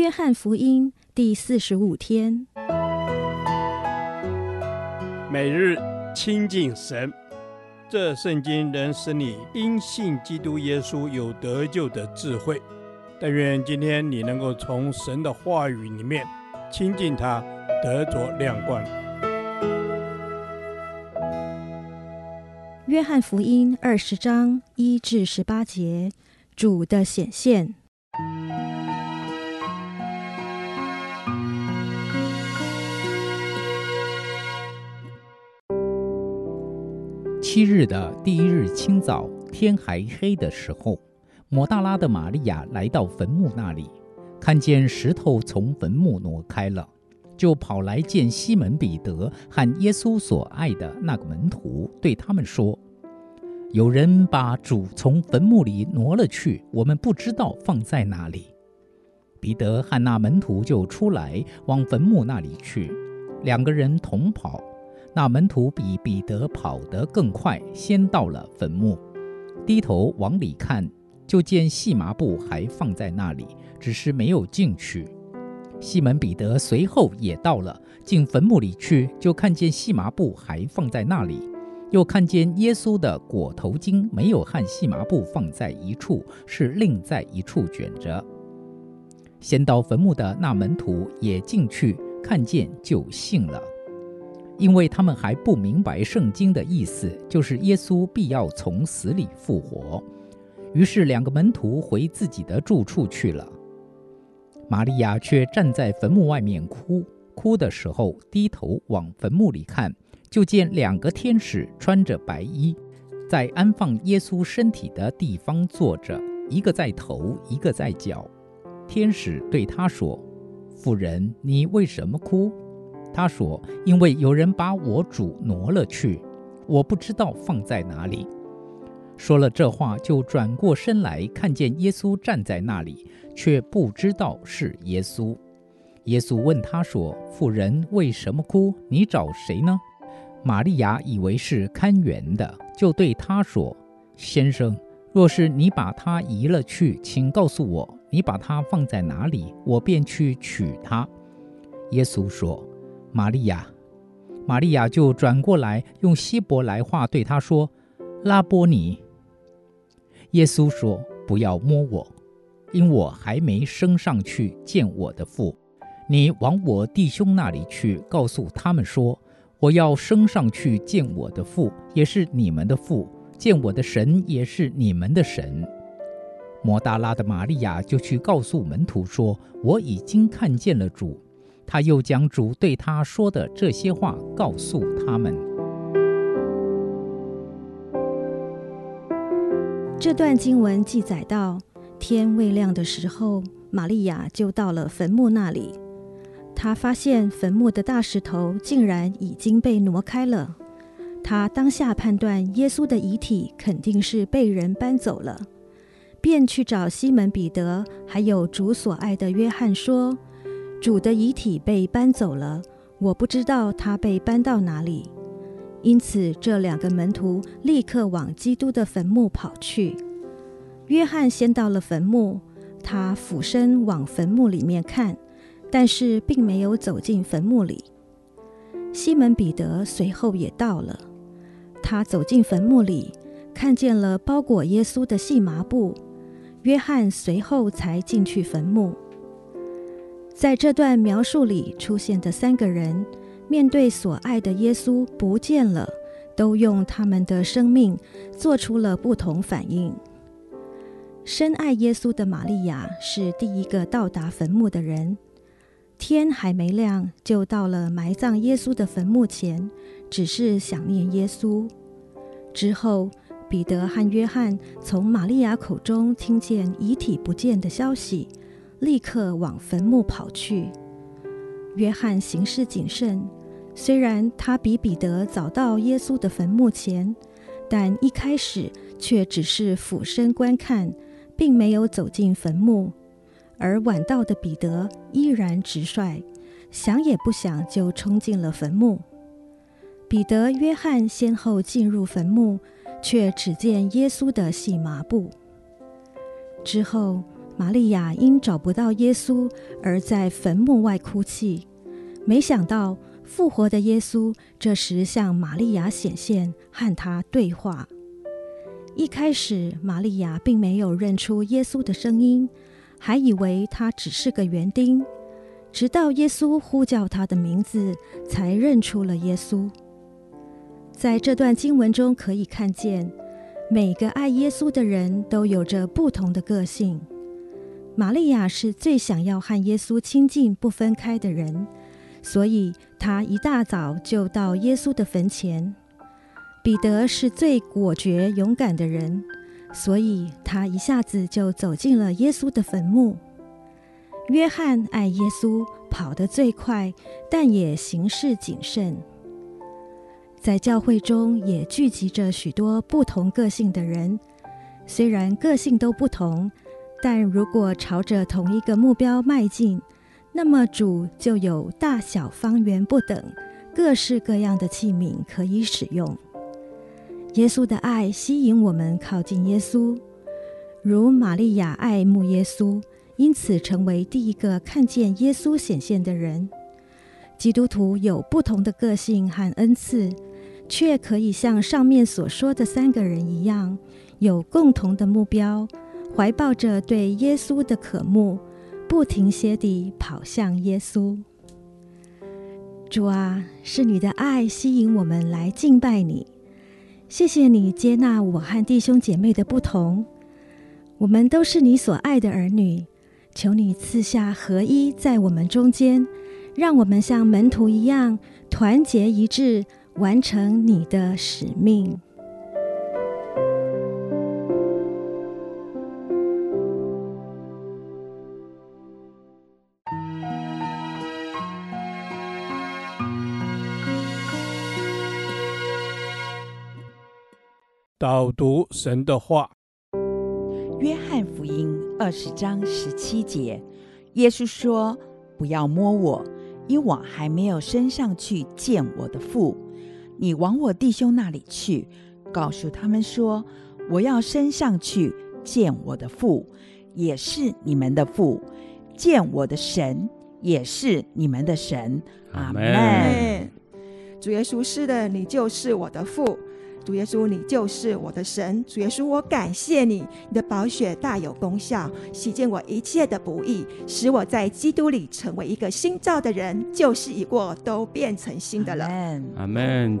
約翰福音第四十五天，每日親近神，這聖經能使你因信基督耶穌有得救的智慧。但願今天你能夠從神的話語裡面親近他，得着亮光。約翰福音二十章一至十八節，主的顯現。七日的第一日清早，天還黑的時候，抹大拉的瑪利亞來到墳墓那裡，看見石頭從墳墓挪開了，就跑來見西門彼得和耶穌所愛的那個門徒，對他們說：“有人把主從墳墓裡挪了去，我們不知道放在哪裡。”彼得和那門徒就出來，往墳墓那裡去，兩個人同跑。那門徒比彼得跑得更快，先到了墳墓，低頭往裡看，就見細麻布還放在那裡，只是沒有進去。西門彼得隨後也到了，進墳墓裡去，就看見細麻布還放在那裡，又看見耶穌的裹頭巾沒有和細麻布放在一處，是另在一處卷着。先到墳墓的那門徒也進去，看見就信了。因為他們還不明白聖經的意思，就是耶穌必要從死裡復活。於是兩個門徒回自己的住處去了。瑪利亞卻站在墳墓外面哭。哭的時候，低頭往墳墓裡看，就見兩個天使穿着白衣，在安放耶穌身體的地方坐着，一個在頭，一個在腳。天使對他說：“婦人，你為什麼哭？”他說：“因為有人把我主挪了去，我不知道放在哪裡。”說了這話，就轉過身來看見耶穌站在那裡，卻不知道是耶穌。耶穌問他說：“婦人，為什麼哭？你找誰呢？”瑪利亞以為是看園的，就對他說：“先生，若是你把他移了去，請告訴我，你把他放在哪裡，我便去取他。”耶穌說：瑪利亞，瑪利亞就轉過來用希伯來話對他說：“拉波尼。”耶穌說：“不要摸我，因我還沒升上去見我的父。你往我弟兄那裡去，告訴他們說：我要升上去見我的父，也是你們的父；見我的神，也是你們的神。”抹大拉的瑪利亞就去告訴門徒說：“我已經看見了主。”他又將主對他說的這些話告訴他們。這段經文記載到天未亮的時候，瑪利亞就到了墳墓那裡。她發現墳墓的大石頭竟然已經被挪開了，她當下判斷耶穌的遺體肯定是被人搬走了，便去找西門彼得還有主所愛的約翰說。主的遺體被搬走了，我不知道他被搬到哪裡。因此，這兩個門徒立刻往基督的墳墓跑去。約翰先到了墳墓，他俯身往墳墓裡面看，但是並沒有走進墳墓裡。西門彼得隨後也到了，他走進墳墓裡，看見了包裹耶穌的細麻布。約翰隨後才進去墳墓。在這段描述裡出現的三個人，面對所愛的耶穌不見了，都用他們的生命做出了不同反應。深愛耶穌的瑪利亞是第一個到達墳墓的人，天還沒亮就到了埋葬耶穌的墳墓前，只是想念耶穌。之後，彼得和約翰從瑪利亞口中聽見遺體不見的消息。立刻往墳墓跑去。約翰行事謹慎，雖然他比彼得早到耶穌的墳墓前，但一開始卻只是俯身觀看，並沒有走進墳墓。而晚到的彼得依然直率，想也不想就衝進了墳墓。彼得、約翰先後進入墳墓，卻只見耶穌的細麻布。之後，瑪利亞因找不到耶穌而在墳墓外哭泣。沒想到復活的耶穌這時向瑪利亞顯現，和她對話。一開始，瑪利亞並沒有認出耶穌的聲音，還以為他只是個園丁。直到耶穌呼叫他的名字，才認出了耶穌。在這段經文中，可以看見每個愛耶穌的人都有着不同的個性。瑪利亞是最想要和耶穌親近不分開的人，所以她一大早就到耶穌的墳前。彼得是最果決勇敢的人，所以他一下子就走進了耶穌的墳墓。約翰愛耶穌，跑得最快，但也行事謹慎。在教會中也聚集着許多不同個性的人，雖然個性都不同，但如果朝着同一個目標邁進，那麼主就有大小方圓不等、各式各樣的器皿可以使用。耶穌的愛吸引我們靠近耶穌，如瑪利亞愛慕耶穌，因此成為第一個看見耶穌顯現的人。基督徒有不同的個性和恩賜，卻可以像上面所說的三個人一樣，有共同的目標。懷抱着對耶穌的渴慕，不停歇地跑向耶穌。主啊，是你的愛吸引我們來敬拜你。謝謝你接納我和弟兄姐妹的不同，我們都是你所愛的兒女。求你賜下合一在我們中間，讓我們像門徒一樣團結一致，完成你的使命。導讀神的話，約翰福音二十章十七節，耶穌說：“不要摸我，因為我還沒有升上去見我的父。你往我弟兄那裡去，告訴他們說：我要升上去見我的父，也是你們的父，見我的神，也是你們的神。阿門。主耶穌是的，你就是我的父。”主耶穌，你就是我的神。主耶穌，我感謝你，你的寶血大有功效，洗淨我一切的不義，使我在基督裡成為一個新造的人，舊事已過，都變成新的了。阿門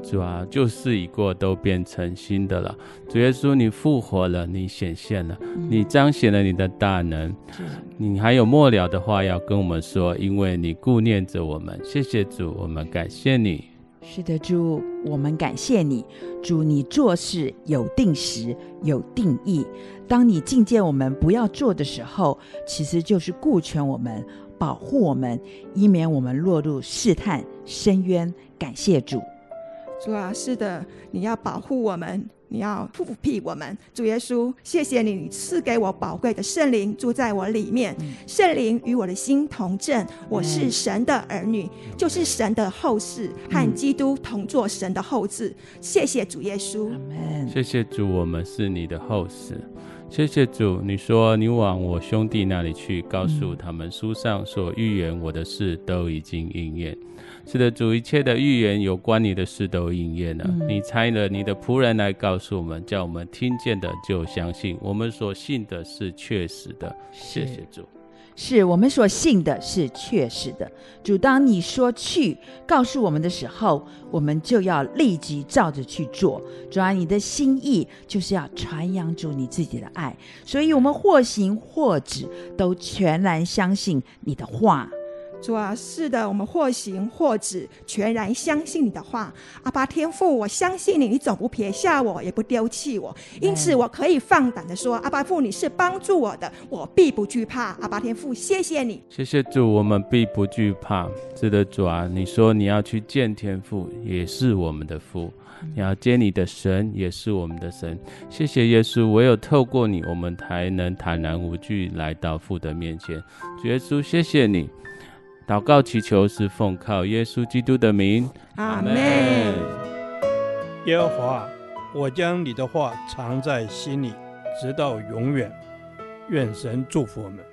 Amen。Amen, 主啊，舊事已過，都變成新的了。嗯、主耶穌，你復活了，你顯現了，嗯、你彰顯了你的大能。謝謝。你還有末了的話要跟我們說，因為你顧念着我們。謝謝主，我們感謝你。是的，主，我們感謝你。主，你做事有定時，有定義。當你警戒我們不要做的時候，其實就是顧全我們，保護我們，以免我們落入試探深淵。感謝主。主啊，是的，你要保護我們。你要覆庇我們，主耶穌，謝謝你賜給我寶貴的聖靈住在我裡面，嗯、聖靈與我的心同證我是神的兒女，嗯、就是神的後嗣，嗯、和基督同作神的後嗣。謝謝主耶穌，嗯、謝謝主，我們是你的後嗣，謝謝主，你說你往我兄弟那裡去，告訴他們書上所預言我的事都已經應驗。是的，主一切的預言有關你的事都應驗了。嗯、你差了，你的僕人來告訴我們，叫我們聽見的就相信。我們所信的是確實的。是謝謝主。是我們所信的是確實的。主，當你說去告訴我們的時候，我們就要立即照着去做。主啊，你的心意就是要傳揚主你自己的愛，所以我們或行或止，都全然相信你的話。主啊，是的，我們或行或止，全然相信你的話。阿爸天父，我相信你，你總不撇下我，也不丟棄我，因此我可以放膽地說，嗯、阿爸父，你是幫助我的，我必不懼怕。阿爸天父，謝謝你。謝謝主，我們必不懼怕。是的，主啊，你說你要去見天父，也是我們的父；嗯、你要接你的神，也是我們的神。謝謝耶穌，唯有透過你，我們才能坦然無懼來到父的面前。主耶穌，謝謝你。禱告祈求是奉靠耶穌基督的名，阿門 Amen。耶和華，我將你的話藏在心裡，直到永遠。願神祝福我們。